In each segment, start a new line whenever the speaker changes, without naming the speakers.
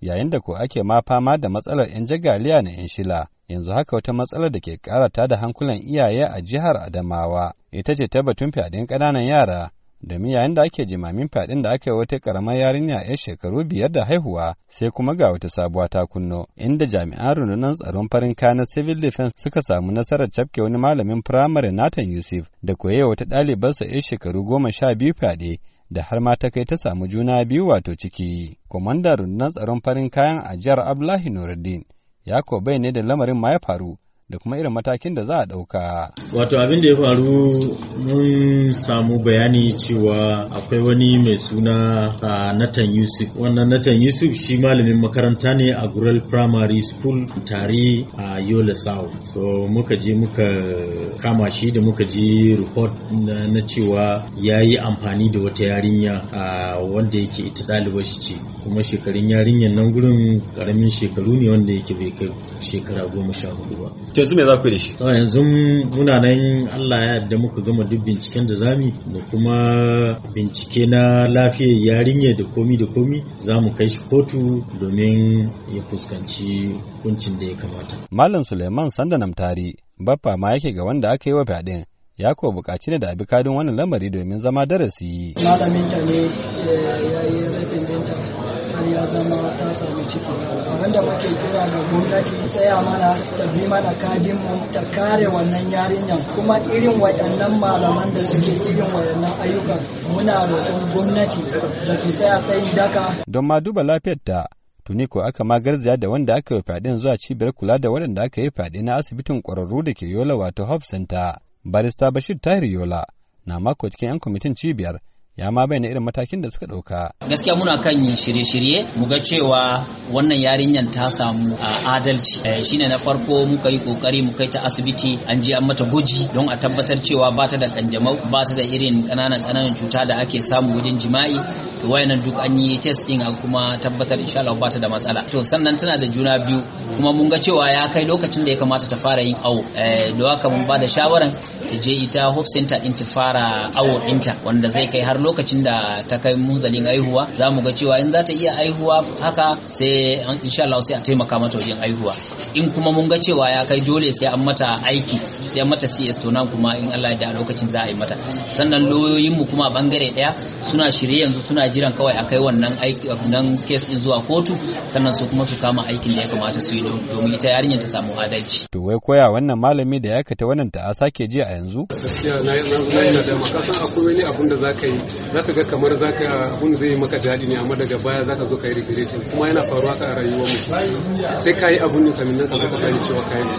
yayin da ko ake ma fama da matsalar 'yan jagaliya na 'yan shila yanzu haka wata matsalar da ke karata da hankulan iyaye a jihar adamawa ita ce ta batun fyaɗen ƙananan yara domin yayin da ake jimamin fyaɗin da aka yi wata ƙaramar yarinya 'yar shekaru biyar da haihuwa sai kuma ga wata sabuwa ta kunno inda jami'an rundunar tsaron farin kayan civil defense suka samu nasarar cafke wani malamin firamare nathan yusuf da koyewa wata ɗalibarsa 'yar shekaru goma sha biyu fyaɗe da har ma ta kai ta samu juna biyu wato ciki. Kwamandan rundunar tsaron farin kayan ajiyar jihar Abdullahi Nuruddin ya ko bai ne da lamarin ma ya faru da kuma irin matakin da za a ɗauka.
Wato abin da ya faru mun samu bayani cewa akwai wani mai suna a Nathan Yusuf. Wannan Nathan Yusuf shi malamin makaranta ne a Gural Primary School tare a Yola South. So muka je muka kama shi da muka je report na cewa ya yi amfani da wata yarinya a wanda yake ita ɗalibar shi ce. Kuma shekarun yarinyar nan gurin ƙaramin shekaru ne wanda yake bai kai shekara goma sha hudu ba.
to yanzu za ku yi shi
yanzu muna nan Allah ya yarda muka gama duk binciken da zamu da kuma bincike na lafiyar yarinya da komi da komi za mu kai shi kotu domin ya fuskanci hukuncin da ya kamata Malam Suleiman Sanda Namtari
baffa ma yake ga wanda aka yi wa fyaɗin ya kuwa buƙaci ne da abi kadin wannan lamari domin zama darasi
malamin ta ne eh, ya yi rabin har ya zama ta
samu ciki abin da muke kira ga gwamnati tsaya mana ta bi mana kadin mu ta kare wannan yarinyan kuma irin waɗannan malaman da suke irin waɗannan ayyuka
muna roƙon gwamnati da su tsaya sai daka
don ma duba lafiyar ta tuni ko aka ma magarzaya da wanda aka yi fyaɗen zuwa cibiyar kula da waɗanda aka yi fyaɗe na asibitin ƙwararru da ke yola wato hope center barista bashir tahir yola na mako cikin 'yan kwamitin cibiyar ya ma bayyana irin matakin da suka
ɗauka. Gaskiya muna kan shirye-shirye mu ga cewa wannan yarinyar ta samu adalci eh, shine na farko muka yi kokari mu kai ta asibiti an ji an mata guji don a tabbatar cewa ba ta da kanjamau ba ta da irin ƙananan ƙananan cuta da ake samu wajen jima'i to wayannan duk an yi test ɗin an kuma tabbatar insha Allah ba ta da matsala. To sannan tana da juna biyu kuma mun ga cewa ya kai lokacin da ya kamata ta fara yin awo eh, Da haka mun ba da shawaran ta je ita hope center din ta fara awo ɗinta wanda zai kai har lokacin da ta kai munzalin aihuwa za mu ga cewa in za ta iya aihuwa haka sai insha Allah sai a taimaka mata wajen aihuwa in kuma mun ga cewa ya kai dole sai an mata aiki sai mata CS to nan kuma in Allah ya da lokacin za a yi mata sannan lauyoyin mu kuma bangare daya suna shirye yanzu suna jiran kawai a kai wannan aiki wannan case din zuwa kotu sannan su kuma su kama aikin da ya kamata su yi domin ita yarinyar ta samu adalci
to wai koya wannan malami da ya kata wannan ta'asa sake ji a yanzu
gaskiya na yi nan nadama kasan akwai wani abun da zaka
yi zaka ga kamar zaka abun zai maka jadi ne amma daga baya zaka zo kai yi regretting kuma yana faruwa ka a rayuwar mu sai kai abun ne kamin nan ka zo ka sani cewa kai ne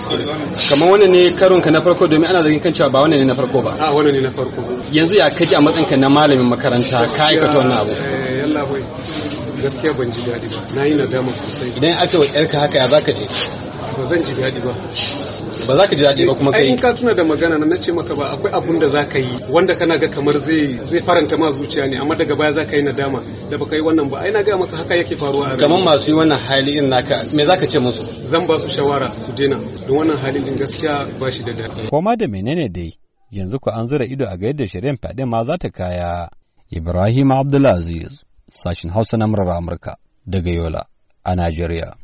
kamar wannan ne karon ka na na farko domin ana zargin kan cewa ba wannan ne na farko ba a wannan ne na farko yanzu ya kaji a matsayinka na malamin makaranta ka aikata wannan abu eh, yalla gaskiya ban ji daɗi ba na yi nadama sosai idan aka wa yarka haka ya zaka je ba zan ji daɗi ba ba za ka ji daɗi ba kuma kai ka tuna da magana na ce maka ba akwai abun da za ka yi wanda kana ga kamar zai zai faranta ma zuciya ne amma daga baya za ka yi nadama da baka yi wannan ba ai na ga maka haka yake faruwa a kamar masu yi wannan hali in naka me za ka ce musu zan ba su shawara su daina don wannan halin din gaskiya ba
shi da daɗi koma da menene dai yanzu ko an zura ido a ga yadda shari'ar fyaɗe ma za ta kaya Ibrahim Abdulaziz sashin Hausa na murar Amurka daga Yola a Najeriya